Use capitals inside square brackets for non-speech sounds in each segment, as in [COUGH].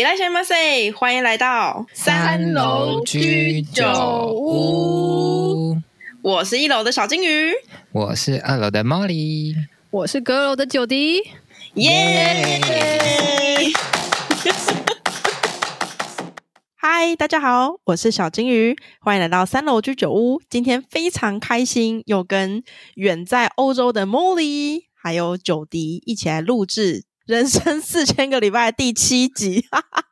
起來先，馬賽！歡迎來到三樓居酒屋。我是一樓的小金魚，我是二樓的 Mori，我是閣樓的久迪。耶！嗨，大家好，我是小金魚，歡迎來到三樓居酒屋。今天非常開心，又跟遠在歐洲的 Mori 還有久迪一起來錄製。人生四千個禮拜第七集 [LAUGHS] ，God，哈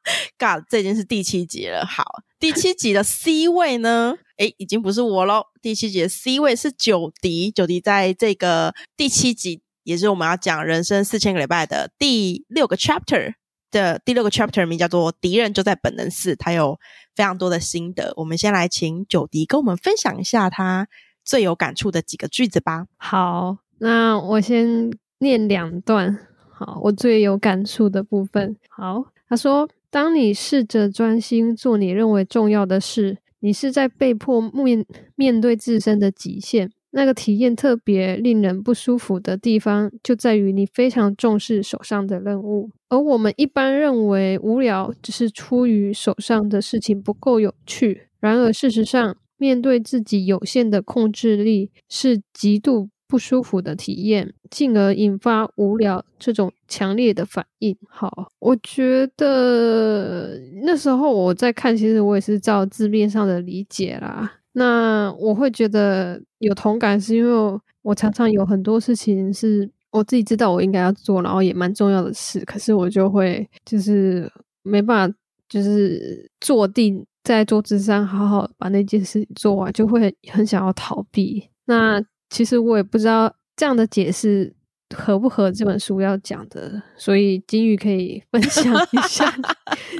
哈這已經是第七集了。好，第七集的 C 位呢？哎、 [LAUGHS] 欸，已經不是我嘍。第七集的 C 位是久迪，久迪在這個第七集，也是我們要講人生四千個禮拜的第六個 chapter 的第六個 chapter，名叫做“敵人就在本能寺”，他有非常多的心得。我們先來請久迪跟我們分享一下他最有感觸的幾個句子吧。好，那我先念兩段。好，我最有感觸的部分。好，他說，當你試着專心做你認為重要的事，你是在被迫面面對自身的極限。那個體驗特別令人不舒服的地方，就在於你非常重視手上的任務，而我們一般認為無聊只是出於手上的事情不夠有趣。然而，事實上，面對自己有限的控制力是極度。不舒服的體驗，進而引發無聊這種強烈的反應。好，我覺得那時候我在看，其實我也是照字面上的理解啦。那我會覺得有同感，是因為我常常有很多事情是我自己知道我應該要做，然後也蠻重要的事，可是我就會就是沒辦法，就是坐定在桌子上好好把那件事做完，就會很想要逃避。那。其實我也不知道這樣的解釋合不合這本書要講的，所以金魚可以分享一下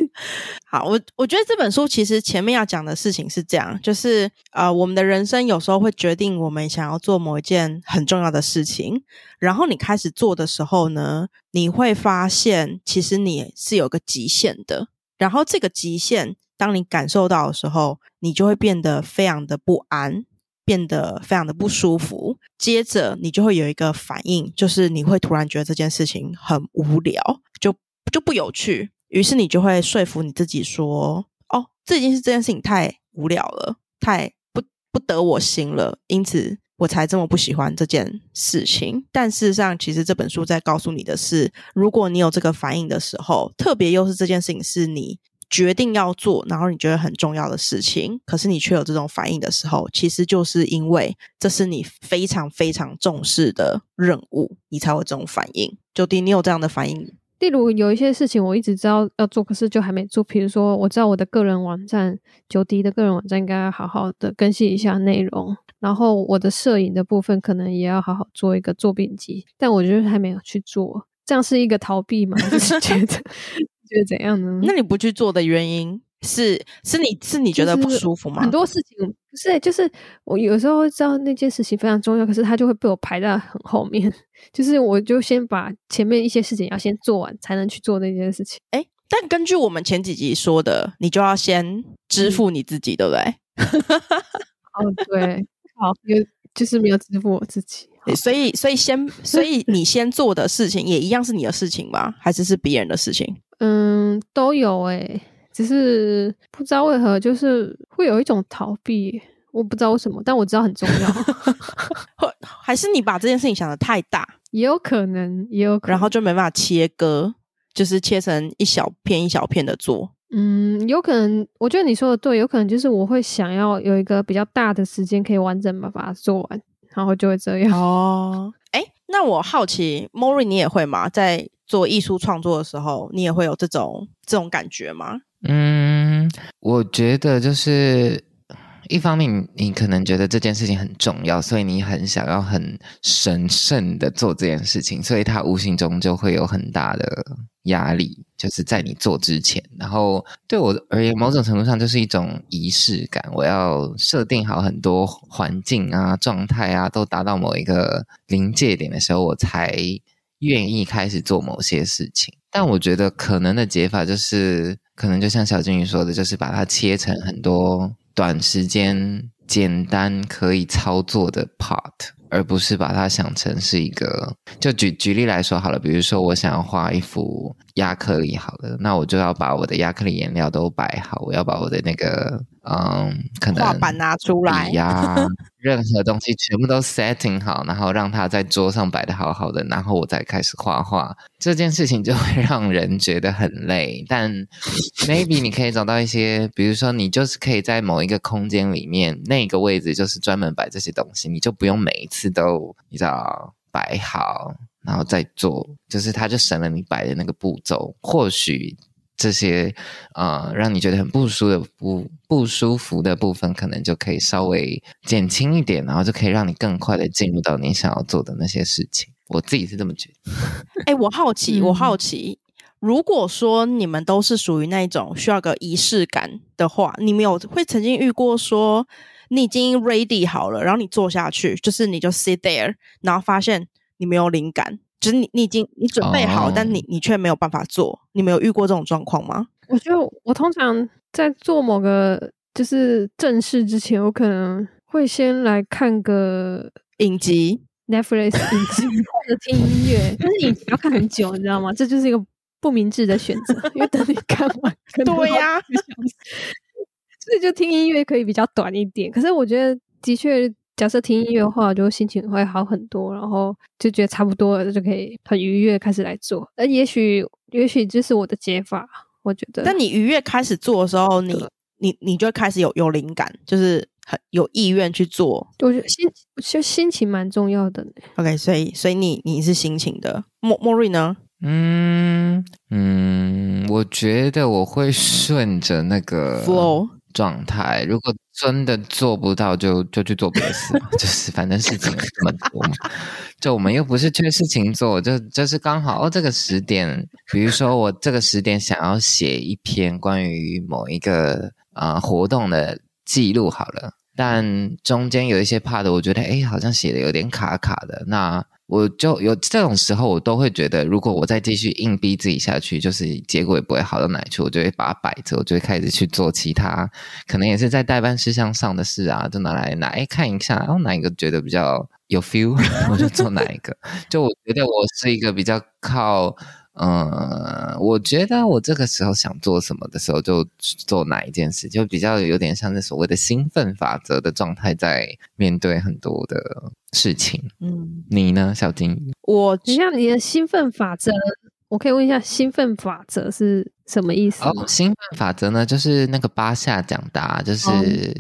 [LAUGHS] [LAUGHS] 好，我我覺得這本書其實前面要講的事情是這樣，就是呃，我們的人生有時候會決定我們想要做某一件很重要的事情，然後你開始做的時候呢，你會發現其實你是有個極限的，然後這個極限當你感受到的時候，你就會變得非常的不安。變得非常的不舒服，接着你就會有一個反應，就是你會突然覺得這件事情很無聊，就就不有趣。於是你就會說服你自己說：“哦，這件事這件事情太無聊了，太不不得我心了，因此我才這麼不喜歡這件事情。”但事實上，其實這本書在告訴你的是，如果你有這個反應的時候，特別又是這件事情是你，決定要做，然後你覺得很重要的事情，可是你卻有這種反應的時候，其實就是因為這是你非常非常重視的任務，你才會這種反應。久迪，你有這樣的反應？例如有一些事情我一直知道要做，可是就還沒做。比如說，我知道我的個人網站，久迪的個人網站應該要好好的更新一下內容，然後我的攝影的部分可能也要好好做一個作品集，但我就是還沒有去做，這樣是一個逃避嗎？我、就是覺得。 [LAUGHS] 覺得怎樣呢？那你不去做的原因是是你是你覺得不舒服嗎？很多事情不是、欸，就是我有時候會知道那件事情非常重要，可是它，就會被我排在很後面。就是我就先把前面一些事情要先做完，才能去做那件事情。哎、欸，但根據我們前幾集說的，你就要先支付你自己，嗯、對不對？哦， [LAUGHS] 對，好，因為就是沒有支付我自己，所以所以先所以你先做的事情也一樣是你的事情嗎？還是是別人的事情？嗯，都有誒、欸，只是不知道為何，就是會有一種逃避，我不知道為什麼，但我知道很重要。 [LAUGHS] 還是你把這件事情想得太大？也有可能，也有可能，然後就沒辦法切割，就是切成一小片一小片的做。嗯，有可能，我覺得你說的對，有可能就是我會想要有一個比較大的時間可以完整把把它做完，然後就會這樣。哦，哎、欸，那我好奇，Mori 你也會嗎？在。做藝術創作的時候，你也會有這種這種感覺嗎？嗯，我覺得就是一方面你，你可能覺得這件事情很重要，所以你很想要很神聖的做這件事情，所以它無形中就會有很大的壓力，就是在你做之前。然後對我而言，某種程度上就是一種儀式感，我要設定好很多環境啊、狀態啊，都達到某一個臨界點的時候，我才。願意開始做某些事情，但我覺得可能的解法就是，可能就像小金魚說的，就是把它切成很多短時間、簡單可以操作的 part，而不是把它想成是一個。就舉舉例來說好了，比如說我想要畫一幅壓克力，好了，那我就要把我的壓克力顏料都擺好，我要把我的那個。嗯、um,，可能畫、啊、板，拿出來呀， [LAUGHS] 任何東西全部都 setting 好，然後讓它在桌上擺得好好的，然後我再開始畫畫，這件事情就會讓人覺得很累。但 [LAUGHS] maybe 你可以找到一些，比如說你就是可以在某一個空間裡面，那個位置就是專門擺這些東西，你就不用每一次都你知道擺好，然後再做，就是它就省了你擺的那個步驟。或許。這些呃，讓你覺得很不舒的不不舒服的部分，可能就可以稍微減輕一點，然後就可以讓你更快的進入到你想要做的那些事情。我自己是這麼覺得。哎、 [LAUGHS] 欸，我好奇，我好奇，如果說你們都是屬於那種需要個儀式感的話，你沒有會曾經遇過說你已經 ready 好了，然後你坐下去，就是你就 sit there，然後發現你沒有靈感。只是你，你已經你準備好，oh. 但你你卻沒有辦法做。你沒有遇過這種狀況嗎？我就，我通常在做某個就是正事之前，我可能會先來看個影集，Netflix 影集 [LAUGHS] 或者聽音樂。但是影集要看很久，你知道嗎？ [LAUGHS] 這就是一個不明智的選擇，因為等你看完， [LAUGHS] 可對呀、啊。 [LAUGHS] 所以就聽音樂可以比較短一點。可是我覺得的確。假設聽音樂的話，我覺得心情會好很多，然後就覺得差不多了，就可以很愉悅開始來做。而也許，也許這是我的解法，我覺得。但你愉悅開始做的時候，你你你就開始有有靈感，就是很有意願去做。我覺得心就心情蠻重要的。OK，所以所以你你是心情的。Mo、Mori 呢？嗯嗯，我覺得我會順着那個 flow 狀態。如果真的做不到就就去做別的事嘛，就是反正事情這麼多嘛，就我們又不是缺事情做，就就是剛好哦，這個十點，比如說我這個十點想要寫一篇關於某一個啊、呃、活動的記錄好了，但中間有一些 part，我覺得誒、欸、好像寫的有點卡卡的那。我就有這種時候，我都會覺得，如果我再繼續硬逼自己下去，就是結果也不會好到哪去。我就會把它擺着，我就會開始去做其他，可能也是在待辦事項上的事啊，就拿來拿看一下，然後哪一個覺得比較有 feel，我就做哪一個。就我覺得我是一個比較靠。嗯，我覺得我這個時候想做什麼的時候，就做哪一件事，就比較有點像是所謂的興奮法則的狀態，在面對很多的事情。嗯，你呢，小金？我，像你的興奮法則，嗯、我可以問一下，興奮法則是？什麼意思？哦、oh，興奮法則呢，就是那個八下講答，就是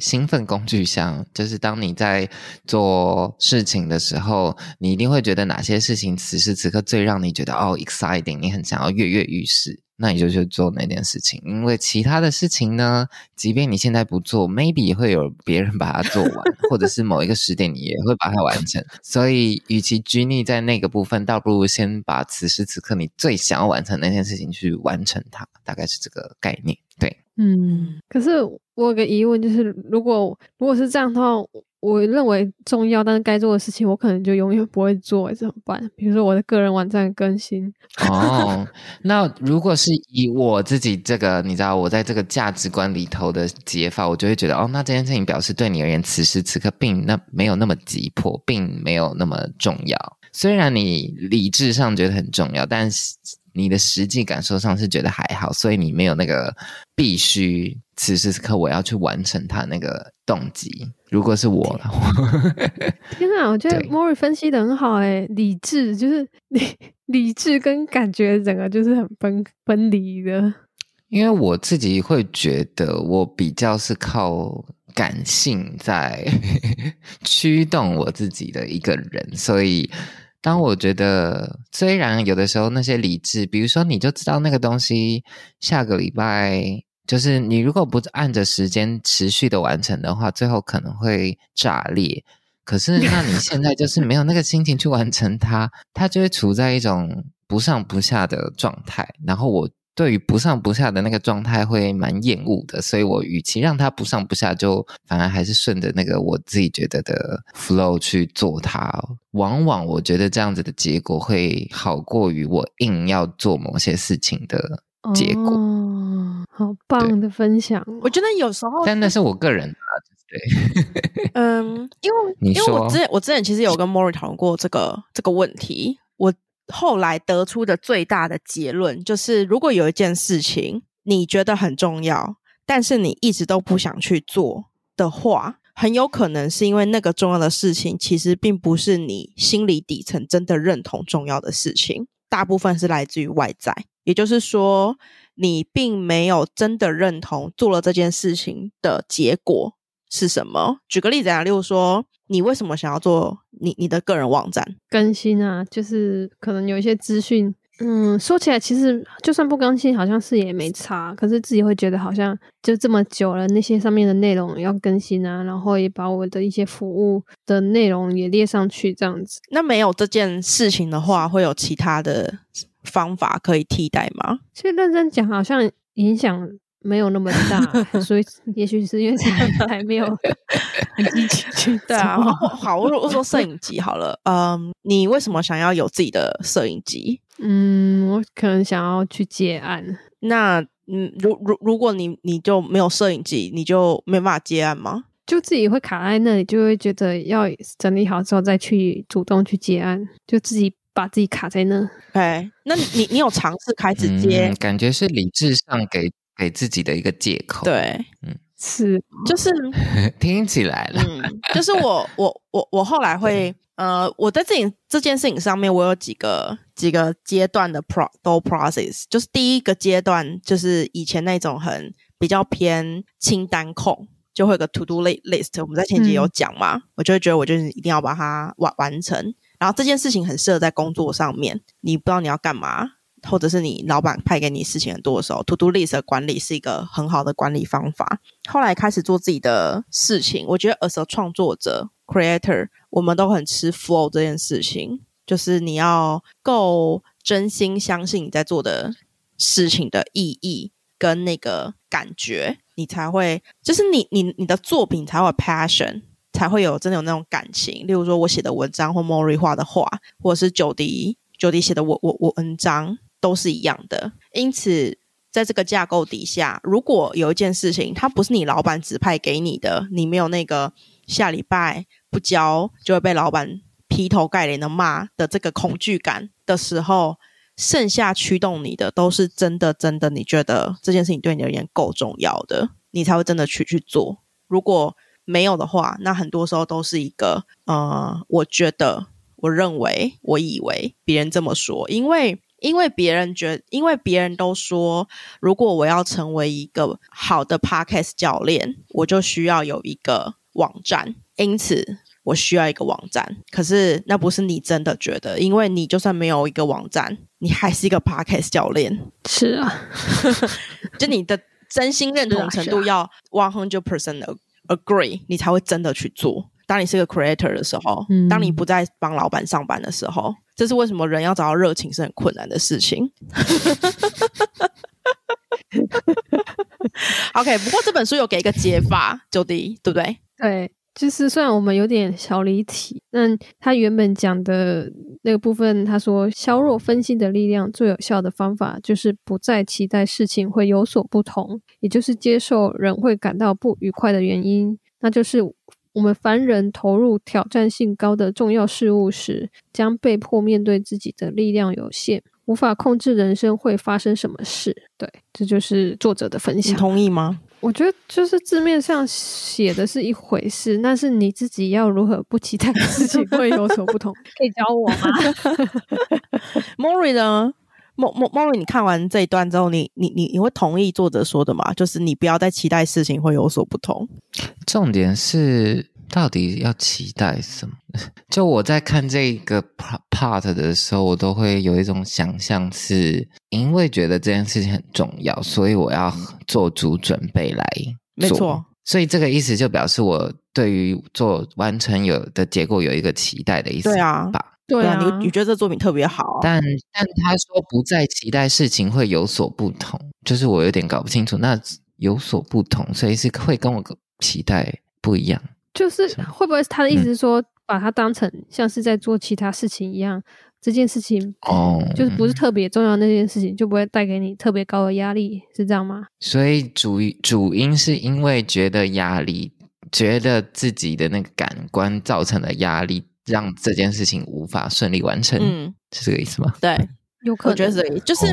興奮工具箱，oh. 就是當你在做事情的時候，你一定會覺得哪些事情此時此刻最讓你覺得哦、oh，exciting，你很想要躍躍欲試。那你就去做那件事情，因為其他的事情呢，即便你現在不做，maybe 也會有別人把它做完， [LAUGHS] 或者是某一個時點你也會把它完成。所以，與其拘泥在那個部分，倒不如先把此時此刻你最想要完成那件事情去完成它，大概是這個概念。對，嗯。可是我有個疑問，就是如果如果是這樣的話。我認為重要，但是該做的事情我可能就永遠不會做，怎麼辦？比如說我的個人網站更新。哦， [LAUGHS] 那如果是以我自己這個，你知道，我在這個價值觀裡頭的解法，我就會覺得，哦，那這件事情表示對你而言，此時此刻並沒有那麼急迫，並沒有那麼重要。雖然你理智上覺得很重要，但是。你的實際感受上是覺得還好，所以你沒有那個必須此時此刻我要去完成他那個動機。如果是我了，天啊！ [LAUGHS] 天啊，我覺得 Mori 分析得很好，哎，理智就是理理智，跟感覺整個就是很分分離的。因為我自己會覺得，我比較是靠感性在 [LAUGHS] 驅動我自己的一個人，所以。當我覺得，雖然有的時候那些理智，比如說，你就知道那個東西下個禮拜，就是你如果不按着時間持續的完成的話，最後可能會炸裂。可是，那你現在就是沒有那個心情去完成它，它就會處在一種不上不下的狀態。然後我。對於不上不下的那個狀態會蠻厭惡的，所以我與其讓他不上不下，就反而還是順着那個我自己覺得的 flow 去做它。哦。往往我覺得這樣子的結果會好過於我硬要做某些事情的結果。哦、好棒的分享！我覺得有時候，但那是我個人的、啊，對 [LAUGHS] 嗯，因為因為 [LAUGHS] 你說，因為我之前我之前其實有跟 Mori 討論過這個這個問題，我。後來得出的最大的結論就是，如果有一件事情你覺得很重要，但是你一直都不想去做的話，很有可能是因為那個重要的事情其實並不是你心裡底層真的認同重要的事情，大部分是來自於外在。也就是說，你並沒有真的認同做了這件事情的結果是什麼。舉個例子啊，例如說。你為什麼想要做你你的個人網站更新啊？就是可能有一些資訊，嗯，說起來其實就算不更新，好像是也沒差。可是自己會覺得好像就這麼久了，那些上面的內容要更新啊，然後也把我的一些服務的內容也列上去，這樣子。那沒有這件事情的話，會有其他的方法可以替代嗎？其實認真講，好像影響。沒有那麼大， [LAUGHS] 所以也許是因為還沒有 [LAUGHS] [LAUGHS] 對啊、哦。好，我說攝影機好了。 [LAUGHS] 嗯，你為什麼想要有自己的攝影機？嗯，我可能想要去接案。那嗯，如如如果你你就沒有攝影機，你就沒辦法接案嗎？就自己會卡在那裡，就會覺得要整理好之後再去主動去接案，就自己把自己卡在那。對、 [LAUGHS] okay.，那你你有嘗試開始接？嗯、感覺是理智上給。給自己的一個借口。對，嗯，是，就是 [LAUGHS] 聽起來了。嗯，就是我，我，我，我後來會， [LAUGHS] 呃，我在這件這件事情上面，我有幾個幾個階段的 pro 都 process，就是第一個階段，就是以前那種很比較偏清單控，就會有個 to do list list，我們在前幾集有講嘛、嗯，我就會覺得我就是一定要把它完完成。然後這件事情很適合在工作上面，你不知道你要幹嘛。或者是你老闆派給你事情很多的時候，to do list 的管理是一個很好的管理方法。後來開始做自己的事情，我覺得，as a 創作者 （creator），我們都很吃 flow 這件事情，就是你要夠真心相信你在做的事情的意義跟那個感覺，你才會就是你你你的作品才會有 passion，才會有真的有那種感情。例如說，我寫的文章，或 Mori 畫的畫，或者是久迪久迪寫的我我我文章。都是一樣的，因此，在這個架構底下，如果有一件事情它不是你老板指派給你的，你沒有那個下禮拜不交就會被老板劈頭蓋臉的罵的這個恐懼感的時候，剩下驅動你的都是真的，真的，你覺得這件事情對你而言夠重要的，你才會真的去去做。如果沒有的話，那很多時候都是一個呃，我覺得，我認為，我以為別人這麼說，因為。因為別人覺，因為別人都說，如果我要成為一個好的 podcast 教練，我就需要有一個網站，因此我需要一個網站。可是那不是你真的覺得，因為你就算沒有一個網站，你還是一個 podcast 教練。是啊， [LAUGHS] 就你的真心認同程度要 one hundred percent agree，你才會真的去做。當你是個 creator 的時候，嗯、當你不再幫老板上班的時候。這是為什麼人要找到熱情是很困難的事情。 [LAUGHS] OK，不過這本書有給一個解法，久迪，對不對？對，就是雖然我們有點小離題，但他原本講的那個部分，他說削弱分析的力量最有效的方法就是不再期待事情會有所不同，也就是接受人會感到不愉快的原因，那就是。我們凡人投入挑戰性高的重要事物時，將被迫面對自己的力量有限，無法控制人生會發生什麼事。對，這就是作者的分享。你同意嗎？我覺得就是字面上寫的是一回事，那是你自己要如何不期待的事情會有所不同。 [LAUGHS] 可以教我嗎，莫 [LAUGHS] 瑞 [LAUGHS] 呢？莫 Mori Mori，你看完這一段之後，你你你你會同意作者說的嗎？就是你不要再期待事情會有所不同。重點是到底要期待什麼？就我在看這個 part 的時候，我都會有一種想象，是因為覺得這件事情很重要，所以我要做足準備來。沒錯，所以這個意思就表示我對於做完成有的結果有一個期待的意思，對啊吧？對啊，你你覺得這作品特別好，啊，但但他說不再期待事情會有所不同，就是我有點搞不清楚，那有所不同，所以是會跟我期待不一樣。就是會不會他的意思是說，嗯、把它當成像是在做其他事情一樣，這件事情哦，就是不是特別重要的那件事情，就不會帶給你特別高的壓力，是這樣嗎？所以主主因是因為覺得壓力，覺得自己的那個感官造成的壓力。讓這件事情無法順利完成，嗯、是這個意思嗎？對，有可能我覺得是，就是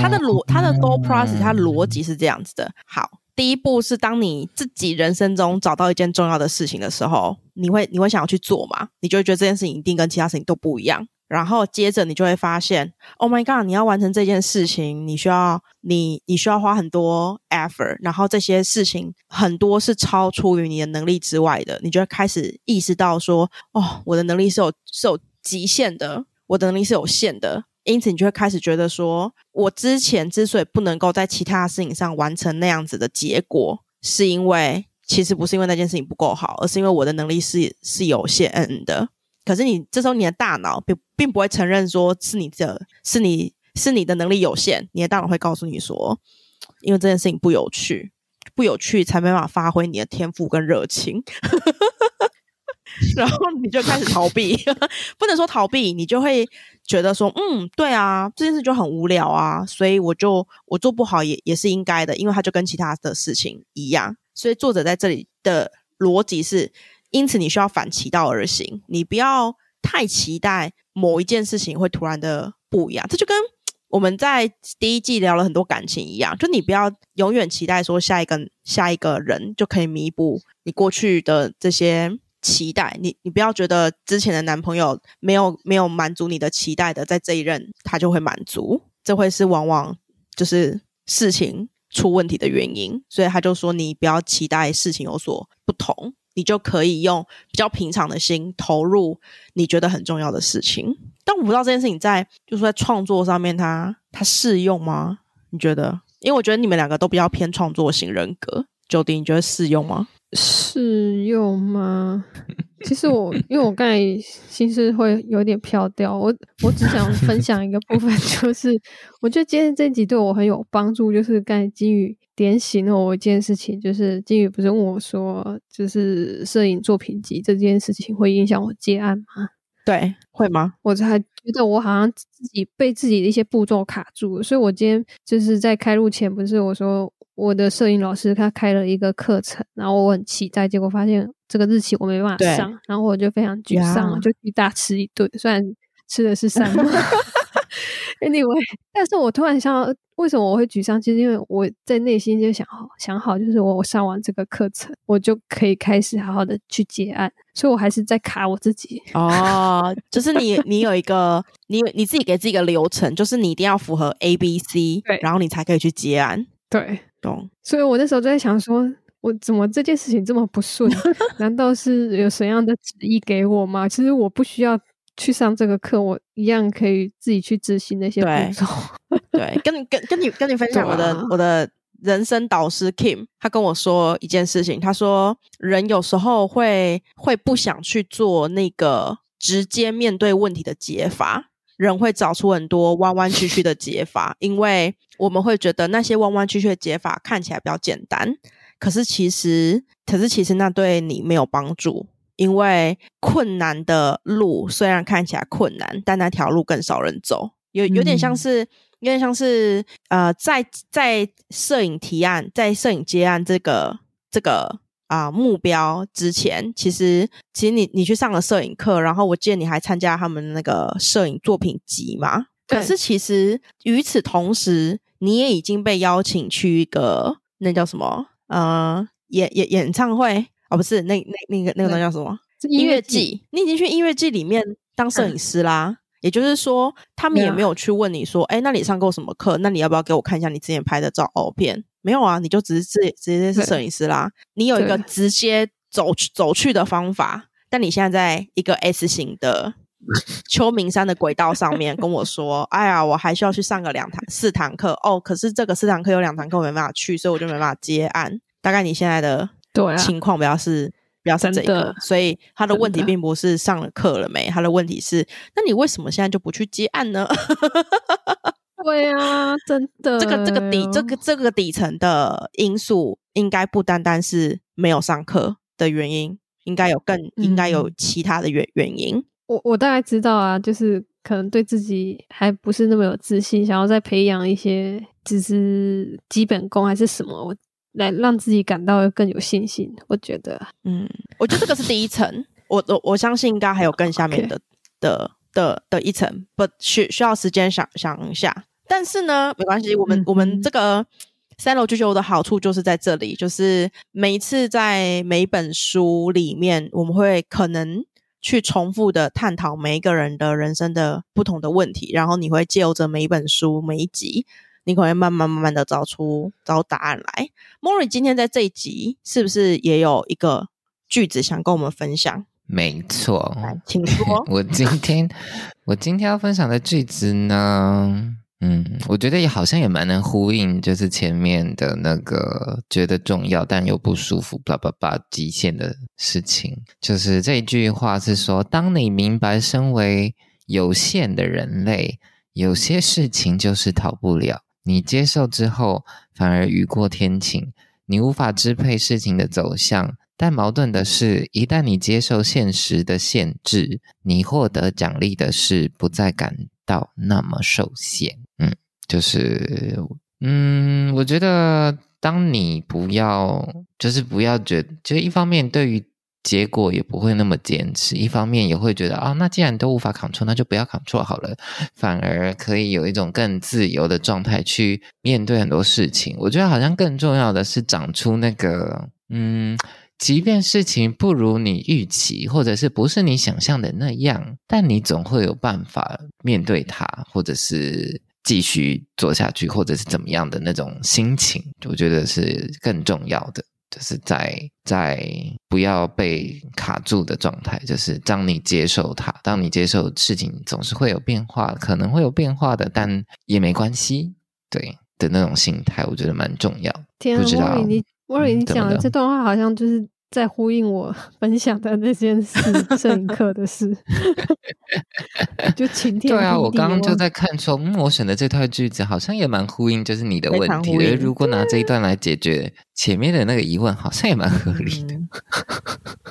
它、哦、的邏它、哦、的 door process，它、嗯、邏輯是這樣子的。好，第一步是當你自己人生中找到一件重要的事情的時候，你會你會想要去做嗎？你就會覺得這件事情一定跟其他事情都不一樣。然後接着你就會發現，Oh my God！你要完成這件事情，你需要你你需要花很多 effort，然後這些事情很多是超出於你的能力之外的。你就會開始意識到說，哦，我的能力是有是有極限的，我的能力是有限的。因此，你就會開始覺得說，我之前之所以不能夠在其他事情上完成那樣子的結果，是因為其實不是因為那件事情不夠好，而是因為我的能力是是有限的。可是你這時候，你的大腦並並不會承認說是，是你是你是你的能力有限，你的大腦會告訴你說，因為這件事情不有趣，不有趣才沒辦法發揮你的天賦跟熱情， [LAUGHS] 然後你就開始逃避， [LAUGHS] 不能說逃避，你就會覺得說，嗯，對啊，這件事就很無聊啊，所以我就我做不好也也是應該的，因為它就跟其他的事情一樣，所以作者在這裡的邏輯是。因此，你需要反其道而行，你不要太期待某一件事情會突然的不一樣。這就跟我們在第一季聊了很多感情一樣，就你不要永遠期待說下一個下一個人就可以彌補你過去的這些期待。你你不要覺得之前的男朋友沒有沒有滿足你的期待的，在這一任他就會滿足，這會是往往就是事情出問題的原因。所以他就說，你不要期待事情有所不同。你就可以用比較平常的心投入你覺得很重要的事情，但我不知道這件事情在，就是在創作上面它，它它適用嗎？你覺得？因爲我覺得你們兩個都比較偏創作型人格，久迪你覺得適用嗎？適用嗎？其實我因為我剛才心思會有點飄掉，我我只想分享一個部分，就是我覺得今天這集對我很有幫助，就是剛才金魚。點醒了我一件事情，就是金魚不是問我說，就是攝影作品集這件事情會影響我接案嗎？對，會嗎？我還覺得我好像自己被自己的一些步驟卡住了，所以我今天就是在開錄前，不是我說我的攝影老師他開了一個課程，然後我很期待，結果發現這個日期我沒辦法上，然後我就非常沮喪，yeah. 就一大吃一頓，雖然吃的是三。 [LAUGHS] Anyway，但是我突然想到，為什麼我會沮喪？其實因為我在內心就想好，想好，就是我上完這個課程，我就可以開始好好的去接案。所以我還是在卡我自己。哦，就是你，你有一個， [LAUGHS] 你你自己給自己一個流程，就是你一定要符合 A、B、C，對，然後你才可以去接案。對，懂。所以我那時候就在想說，說我怎麼這件事情這麼不順？ [LAUGHS] 難道是有什麼樣的旨意給我嗎？其實我不需要。去上這個課，我一樣可以自己去執行那些步驟。對， [LAUGHS] 對，跟你跟跟你跟你分享我的、啊、我的人生導師 Kim，他跟我說一件事情，他說，人有時候會會不想去做那個直接面對問題的解法，人會找出很多彎彎曲曲的解法， [LAUGHS] 因為我們會覺得那些彎彎曲曲的解法看起來比較簡單，可是其實可是其實那對你沒有幫助。因為困難的路雖然看起來困難，但那條路更少人走，有有點像是，有點像是，呃，在在攝影提案、在攝影接案這個這個啊、呃、目標之前，其實其實你你去上了攝影課，然後我記得你還參加他們那個攝影作品集嘛，可是其實與此同時，你也已經被邀請去一個那叫什麼呃演演演唱會。哦，不是，那那那個那個東西叫什麼？是音樂祭，你已經去音樂祭裡面當攝影師啦、嗯。也就是說，他們也沒有去問你說，哎、嗯欸，那你上過什麼課？那你要不要給我看一下你之前拍的照片？沒有啊，你就只是直直接是攝影師啦。你有一個直接走走去的方法，但你現在在一個 S 型的秋名山的軌道上面跟我說， [LAUGHS] 哎呀，我還需要去上個兩堂四堂課哦。可是這個四堂課有兩堂課我沒辦法去，所以我就沒辦法接案。大概你現在的。對、啊，情況比較是比較是這一個，所以他的問題並不是上了課了沒，他的問題是，那你為什麼現在就不去接案呢？ [LAUGHS] 對啊，真的，這個這個底這個這個底層的因素，應該不單單是沒有上課的原因，應該有更應該有其他的原、嗯、原因。我我大概知道啊，就是可能對自己還不是那麼有自信，想要再培養一些，只是基本功還是什麼。我來讓自己感到更有信心，我覺得，嗯，我覺得這個是第一層， [LAUGHS] 我我我相信應該還有更下面的，okay. 的的的一層，But 需需要時間想想一下。但是呢，沒關係，我們、嗯、我們這個三樓居酒屋的好處就是在這裡，就是每一次在每一本書裡面，我們會可能去重複的探討每一個人的人生的不同的問題，然後你會借由着每一本書每一集。你可以慢慢慢慢的找出找答案來。Mori 今天在這一集是不是也有一個句子想跟我們分享？沒錯，請說。 [LAUGHS] 我今天我今天要分享的句子呢，嗯，我覺得也好像也蠻能呼應，就是前面的那個覺得重要但又不舒服，叭叭叭極限的事情。就是這句話是說，當你明白身為有限的人類，有些事情就是逃不了。你接受之後，反而雨過天晴。你無法支配事情的走向，但矛盾的是，一旦你接受現實的限制，你獲得獎勵的是不再感到那麼受限。嗯，就是，嗯，我覺得當你不要，就是不要覺得，就一方面對於。結果也不會那麼堅持，一方面也會覺得啊、哦，那既然都無法 control，那就不要 control 好了，反而可以有一種更自由的狀態去面對很多事情。我覺得好像更重要的是長出那個嗯，即便事情不如你預期，或者是不是你想象的那樣，但你總會有辦法面對它，或者是繼續做下去，或者是怎麼樣的那種心情，我覺得是更重要的。就是在在不要被卡住的狀態，就是當你接受它，當你接受事情總是會有變化，可能會有變化的，但也沒關係，對的那種心態，我覺得蠻重要。天啊，我問你，我、嗯、問你講的，的這段話好像就是。在呼應我分享的那件事，深刻的事。 [LAUGHS] [LAUGHS] 就晴天對啊，我剛剛就在看說，嗯，我選的這套句子好像也蠻呼應，就是你的問題的。我覺得如果拿這一段來解決前面的那個疑問，好像也蠻合理的。嗯、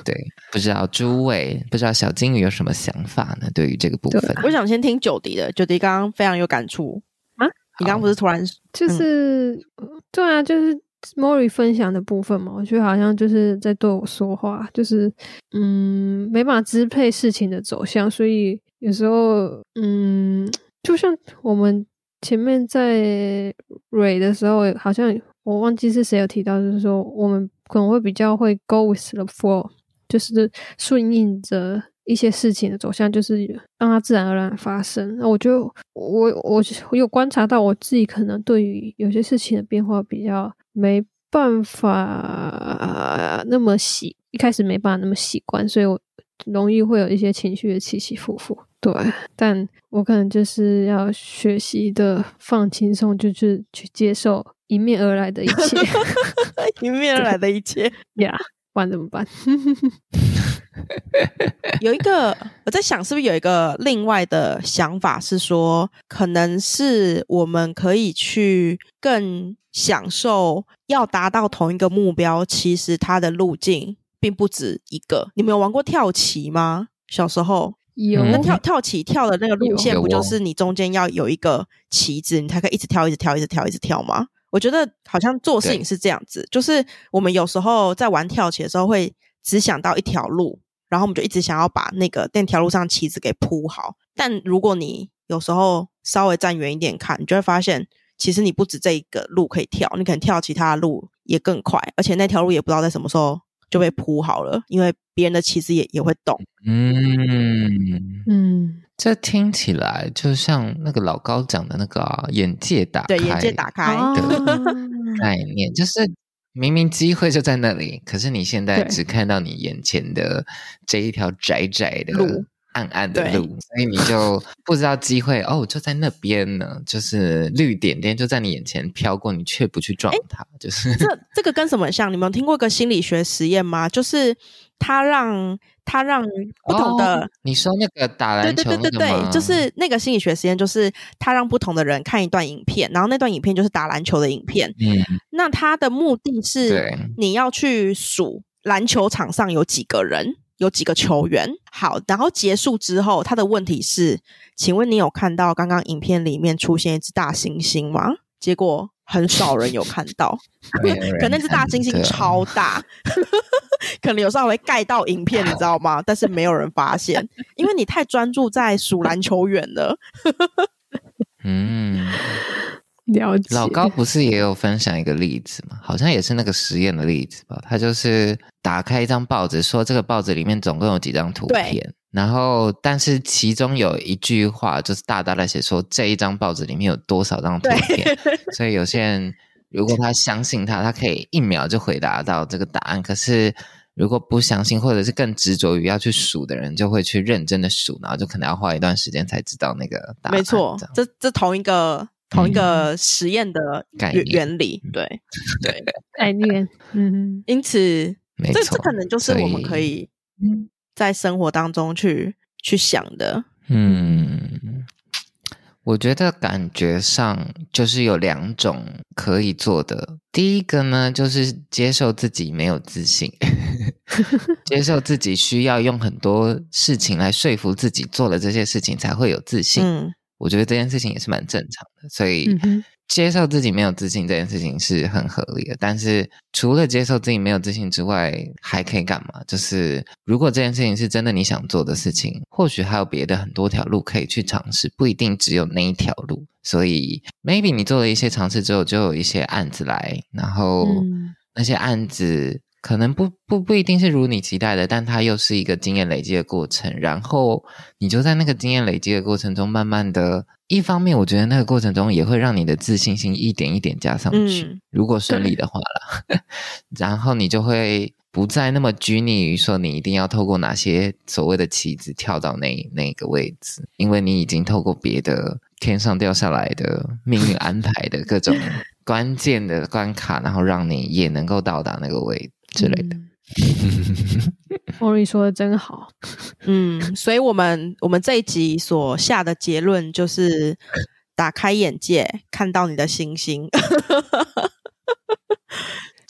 [LAUGHS] 對，不知道諸位，不知道小金魚有什麼想法呢？對於這個部分，啊、我想先聽久迪的。久迪剛剛非常有感觸啊，你剛，剛不是突然就是、嗯、對啊，就是。Mori 分享的部分嘛，我覺得好像就是在對我說話，就是嗯，沒法支配事情的走向，所以有時候嗯，就像我們前面在蕊的時候，好像我忘記是誰有提到，就是說我們可能會比較會 Go with the flow，就是順應着一些事情的走向，就是讓它自然而然發生。那我就我我我有觀察到我自己可能對於有些事情的變化比較。沒辦法那麼習一開始沒辦法那麼習慣，所以我容易會有一些情緒的起起伏伏。對，但我可能就是要學習的放輕鬆，就是去，去接受迎面而來的一切 [LAUGHS] ，迎 [LAUGHS] 面而來的一切呀，yeah, 不然怎麼辦 [LAUGHS] ？有一個我在想，是不是有一個另外的想法是說，可能是我們可以去更。享受要達到同一個目標，其實它的路徑並不止一個。你們有玩過跳棋嗎？小時候有、嗯。那跳跳棋跳的那個路線，不就是你中間要有一個棋子，你才可以一直跳，一直跳，一直跳，一直跳嗎？我覺得好像做事情是這樣子，就是我們有時候在玩跳棋的時候，會只想到一條路，然後我們就一直想要把那個那條路上的棋子給鋪好。但如果你有時候稍微站遠一點看，你就會發現。其實你不止這一個路可以跳，你可能跳其他的路也更快，而且那條路也不知道在什麼時候就被鋪好了，因為別人的棋子也也會動。嗯嗯，這聽起來就像那個老高講的那個眼界打開，對眼界打開的概念，哦、 [LAUGHS] 就是明明機會就在那裡，可是你現在只看到你眼前的這一條窄窄的路。暗暗的路，所以你就不知道機會 [LAUGHS] 哦，就在那邊呢，就是綠點點就在你眼前飄過，你卻不去撞它。就是這這個跟什麼像？你們有聽過一個心理學實驗嗎？就是他讓他讓不同的、哦、你說那個打籃球，對對對對對，就是那個心理學實驗，就是他讓不同的人看一段影片，然後那段影片就是打籃球的影片。嗯，那他的目的是你要去數籃球場上有幾個人。有幾個球員，好，然後結束之後，他的問題是，請問你有看到剛剛影片裡面出現一隻大猩猩嗎？結果很少人有看到， [LAUGHS] [LAUGHS] [LAUGHS] 可能那隻大猩猩超大， [LAUGHS] 可能有時候會蓋到影片，你知道嗎？但是沒有人發現，因為你太專注在數籃球員了。 [LAUGHS] 嗯。了解。老高不是也有分享一個例子嗎？好像也是那個實驗的例子吧。他就是打開一張報紙，說這個報紙裡面總共有幾張圖片，然後但是其中有一句話就是大大的寫說這一張報紙裡面有多少張圖片。所以有些人如果他相信他，他可以一秒就回答到這個答案。可是如果不相信，或者是更執着於要去數的人，就會去認真的數，然後就可能要花一段時間才知道那個答案。沒錯，這這，這同一個。同一個實驗的原理原理，對對概念，嗯， [LAUGHS] 因此這這可能就是我們可以在生活當中去去想的嗯，嗯，我覺得感覺上就是有兩種可以做的，第一個呢就是接受自己沒有自信。 [LAUGHS] 接受自己需要用很多事情來說服自己做了這些事情才會有自信。嗯我覺得這件事情也是蠻正常的，所以接受自己沒有自信這件事情是很合理的。但是除了接受自己沒有自信之外，還可以幹嘛？就是如果這件事情是真的你想做的事情，或許還有別的很多條路可以去嘗試，不一定只有那一條路。所以 maybe 你做了一些嘗試之後，就有一些案子來，然後那些案子。可能不不不一定是如你期待的，但它又是一個經驗累積的過程。然後你就在那個經驗累積的過程中，慢慢的一方面，我覺得那個過程中也會讓你的自信心一點一點加上去，嗯、如果順利的話了、嗯。然後你就會不再那麼拘泥於說你一定要透過哪些所謂的棋子跳到那那個位置，因為你已經透過別的天上掉下來的命運安排的各種關鍵的關卡， [LAUGHS] 然後讓你也能夠到達那個位置。之類的，Mori [LAUGHS] [LAUGHS] 說的真好。嗯，所以我們我們這一集所下的結論就是，打開眼界，看到你的星星。 [LAUGHS]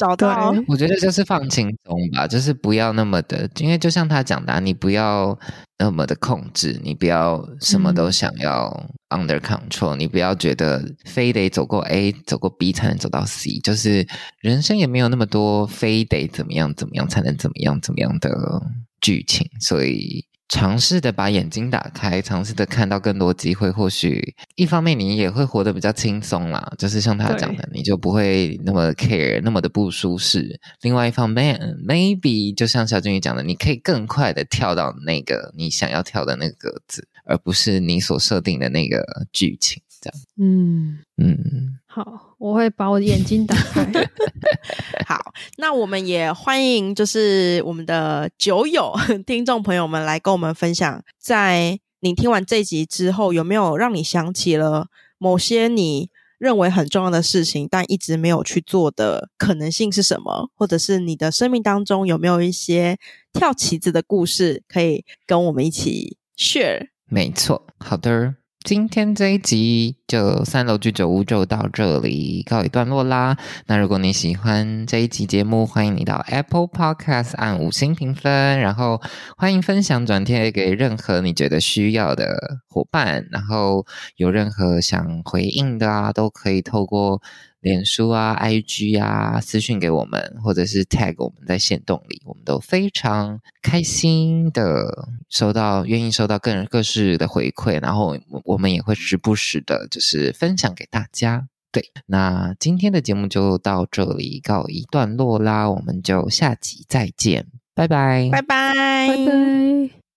找到，對哦，我覺得就是放輕鬆吧，就是不要那麼的，因為就像他講的，你不要那麼的控制，你不要什麼都想要 under control，嗯，你不要覺得非得走過 A 走過 B 才能走到 C，就是人生也沒有那麼多非得怎麼樣怎麼樣才能怎麼樣怎麼樣的劇情，所以。嘗試的把眼睛打開，嘗試的看到更多機會。或許一方面你也會活得比較輕鬆啦，就是像他講的，你就不會那麼 care，那麼的不舒適。另外一方面 maybe 就像小金魚講的，你可以更快的跳到那個你想要跳的那個格子，而不是你所設定的那個劇情這樣。嗯嗯，好。我會把我的眼睛打開。 [LAUGHS] 好，那我們也歡迎，就是我們的酒友聽眾朋友們來跟我們分享，在你聽完這集之後，有沒有讓你想起了某些你認為很重要的事情，但一直沒有去做的可能性是什麼？或者是你的生命當中有沒有一些跳棋子的故事，可以跟我們一起 share？沒錯，好的。今天這一集就三樓居酒屋就到這裡告一段落啦。那如果你喜歡這一集節目，歡迎你到 Apple Podcast 按五星評分，然後歡迎分享轉貼給任何你覺得需要的夥伴，然後有任何想回應的啊，都可以透過。臉書啊、IG 啊，私訊給我們，或者是 tag 我們在線動裡，我們都非常開心的收到，願意收到各人各式的回饋，然後我們也會時不時的，就是分享給大家。對，那今天的節目就到這裡告一段落啦，我們就下集再見，拜拜，拜拜，拜拜。